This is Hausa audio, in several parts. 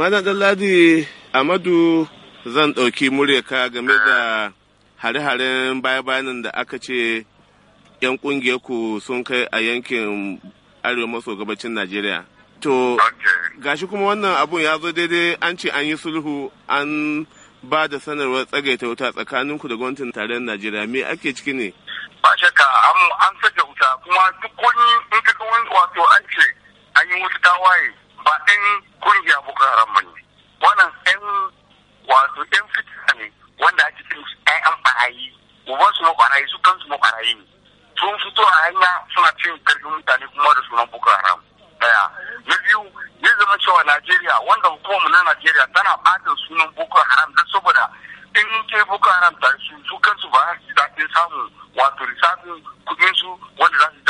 Madan Dalladi Amadu zan ɗauki muryarka game da hare-haren baya-bayanan da aka ce 'yan ƙungiyar ku sun kai a yankin arewa maso gabacin Najeriya. To, gashi kuma wannan abun ya zo daidai an ce an yi sulhu an ba da sanarwar tsagaita wuta tsakaninku da gwamnatin tarayyar Najeriya me ake ciki ne? Ba shakka an saka wuta kuma duk wani in ka wani wato an ce an yi wasu tawaye ba ɗan kungiya boko haram ba ne wannan ɗin wato ɗin fitina ne wanda ake cin su ɗayan ɓarayi uban su makwarayi su kansu makwarayi ne sun fito a hanya suna cin ƙarfin mutane kuma da sunan boko haram ɗaya na biyu ya zama cewa najeriya wanda hukumar na najeriya tana ɓata sunan boko haram don saboda in ke boko haram ta su su kansu ba za su samun wato lissafin kuɗin su wanda za su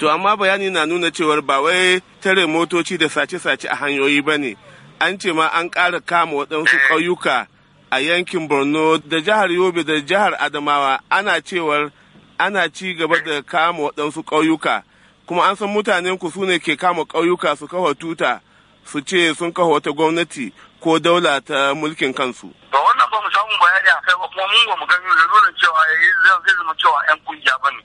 to amma bayani na nuna cewar ba wai tare motoci da sace-sace a hanyoyi ba ne an ce ma an ƙara kama waɗansu eh. ƙauyuka a yankin borno da jihar yobe da jihar adamawa ana cewar ana ci gaba da kama waɗansu ƙauyuka kuma an san mutanen ku su ne ke kama ƙauyuka su kawo tuta su ce sun kawo wata gwamnati ko daula ta mulkin kansu. Ba wannan ba mu samu bayani a kai ba kuma mun ba mu gani da nuna cewa eh, zai zama cewa 'yan kungiya ba ne.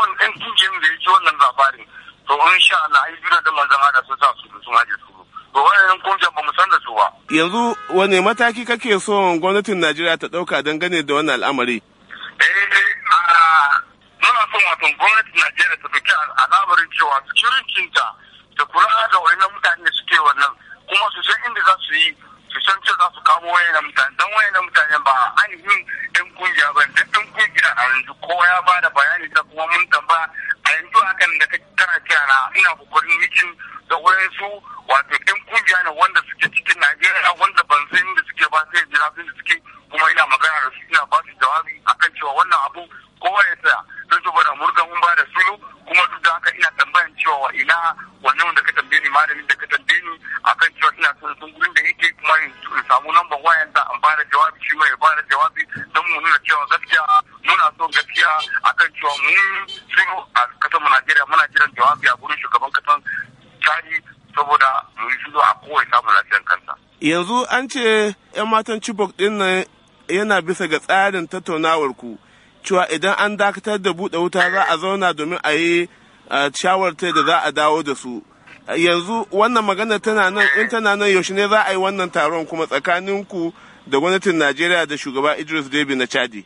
kowane ɗan kungiyar da yake wannan labarin to in sha Allah ai bira da manzan Allah sun sa su sun haje su to wannan kungiyar ba mu san da su ba yanzu wane mataki kake so gwamnatin Najeriya ta ɗauka dangane da wannan al'amari eh, muna son wato gwamnatin Najeriya ta ɗauki al'amarin cewa security ta da kula da wayannan mutane da suke wannan kuma su san inda za su yi su san ce za su kamo wayan mutane dan wayan mutane ba ainihin ɗan kungiya ba dan ɗan kungiya a yanzu kowa ya da bayani ta kuma mun abu mitin da su wato yan kungiya ne wanda suke cikin Najeriya wanda ban san inda suke ba sai jira sun da suke kuma ina magana da su ina ba su jawabi akan cewa wannan abu kowa ya tsaya don su bada murgan mun ba da sulu kuma duk da haka ina tambayan cewa wa ina wannan wanda ka tambaye ni malamin da ka tambaye ni akan cewa ina son sun gurin da yake kuma in samu lambar wayan da an ba da jawabi shi ma ya ba da jawabi don mu nuna cewa gaskiya gaskiya akan cewa mun shiru a kasar Najeriya muna jiran jawabi a gurin shugaban kasar Chadi saboda mu yi shiru a kowai samun lafiyar kansa. Yanzu an ce 'yan matan Chibok din nan yana bisa ga tsarin tattaunawar ku cewa idan an dakatar da buɗe wuta za a zauna domin a yi shawarta da za a dawo da su. Yanzu wannan magana tana nan in tana nan yaushe ne za a yi wannan taron kuma tsakanin ku da gwamnatin Najeriya da shugaba Idris Deby na Chadi.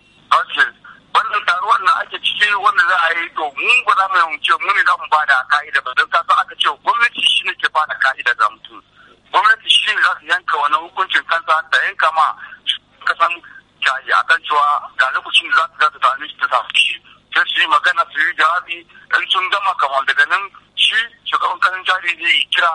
wanda za a yi to mu ba za mu ce mu ne za mu bada ka'ida ba don kasa aka ce gwamnati shi ne ke bada ka'ida ga mutum gwamnati shi ne za su yanka wani hukuncin kansa ta yanka ma kasan jaji a kan cewa ga lokacin da za su su ta sa shi sai su yi magana su yi jawabi in sun gama kamar daga nan shi shugaban kasan jari zai kira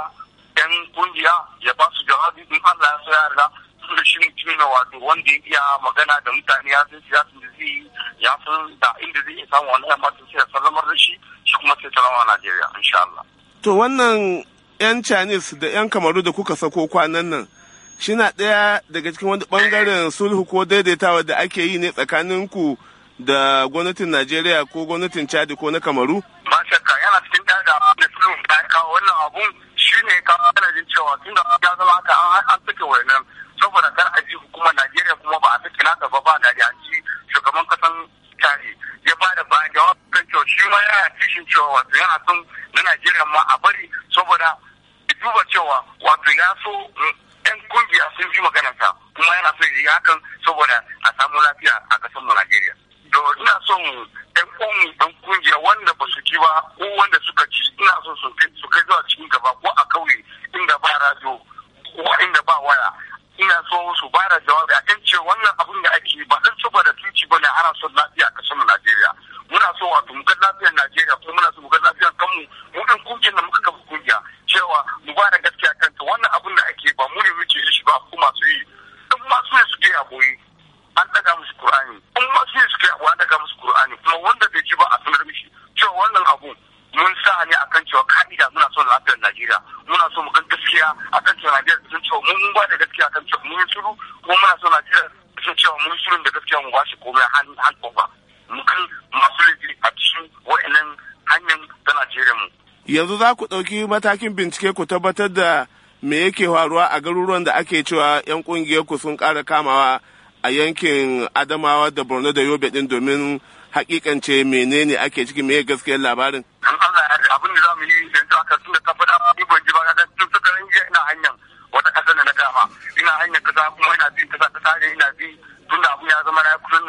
yan kungiya ya ba su jawabi in Allah ya so ya da shi mutum na wato wanda ya iya magana da mutane ya san siyasa da zai ya san da inda zai iya samu wannan yamma sai ya sallamar da shi shi kuma sai salama Najeriya insha Allah. To wannan 'yan Chinese da 'yan Kamaru da kuka sako kwanan nan shina ɗaya daga cikin wani ɓangaren sulhu ko daidaitawa da ake yi ne tsakanin ku da gwamnatin Najeriya ko gwamnatin Chad ko na Kamaru? Ba shakka yana cikin ɗaya da sulhu da ya kawo wannan abun shi ne kawo jin cewa tun da ya zama haka an sake wannan saboda kar a hukumar najeriya kuma ba a saki ka ba ba da ci shugaban kasan tare ya ba da bayan jawabi kan cewa shi ma yana kishin cewa wato yana son na najeriya ma a bari saboda duba cewa wato ya so yan kungiya sun ji maganarsa kuma yana so yi hakan saboda a samu lafiya a kasar mu najeriya to ina son yan kungiya wanda ba su ci ba ko wanda suka ci ina son su kai zuwa cikin gaba ko a kauye inda ba radio ko inda ba waya ina so su ba da jawabi a kan cewa wannan abin da ake ba dan saboda tunci ba ne ana son lafiya a kasar Najeriya muna so a tumkar lafiyar Najeriya kuma muna so mu ga lafiyar kanmu mu ɗan kungiyar da muka kafa mun shirin da gaskiya mu bashi komai hand over mu kan masu laifi a cikin wa'annan hanyar ta Najeriya mu. Yanzu za ku ɗauki matakin bincike ku tabbatar da me yake faruwa a garuruwan da ake cewa 'yan ƙungiyar ku sun ƙara kamawa a yankin Adamawa da Borno da Yobe din domin hakikance menene ake ciki me gaskiyar labarin. Dan Allah ya abin da za mu yi yanzu aka tun da kafa da ni ban ji ba ga sun suka rinje ina hanyar wata ƙasar da na dama ina hanyar kasa kuma ina bin kasa kasa ina bi 蹲大屋呀，怎么嘞？蹲。